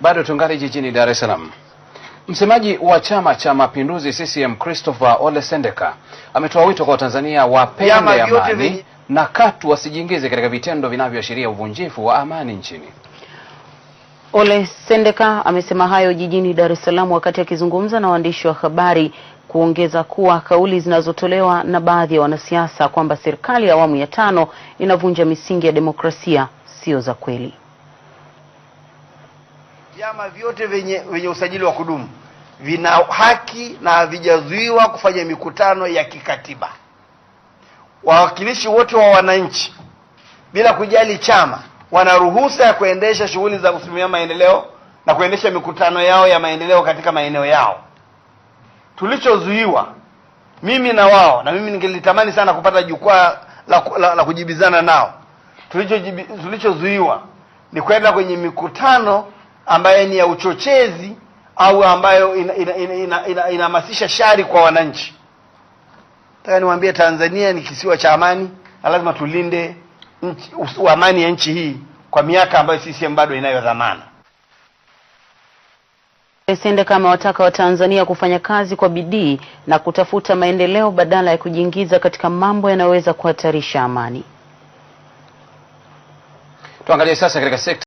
Bado tungali jijini Dar es Salaam. Msemaji wa Chama cha Mapinduzi CCM Christopher Ole Sendeka ametoa wito kwa Watanzania wapende amani na katu wasijiingize katika vitendo vinavyoashiria uvunjifu wa amani nchini. Ole Sendeka amesema hayo jijini Dar es Salaam wakati akizungumza na waandishi wa habari kuongeza kuwa kauli zinazotolewa na baadhi ya wanasiasa kwamba serikali ya awamu ya tano inavunja misingi ya demokrasia sio za kweli vyama vyote vyenye, vyenye usajili wa kudumu vina haki na havijazuiwa kufanya mikutano ya kikatiba. Wawakilishi wote wa wananchi bila kujali chama wana ruhusa ya kuendesha shughuli za kusimamia maendeleo na kuendesha mikutano yao ya maendeleo katika maeneo yao. Tulichozuiwa mimi na wao, na mimi ningelitamani sana kupata jukwaa la, la, la kujibizana nao. Tulichozuiwa ni kwenda kwenye mikutano ambaye ni ya uchochezi au ambayo inahamasisha ina, ina, ina, ina shari kwa wananchi. Nataka niwaambie Tanzania ni kisiwa cha amani na lazima tulinde amani ya nchi hii kwa miaka ambayo CCM bado inayo dhamana. Sendeka amewataka Watanzania kufanya kazi kwa bidii na kutafuta maendeleo badala ya kujiingiza katika mambo yanayoweza kuhatarisha amani. Tuangalie sasa katika sekta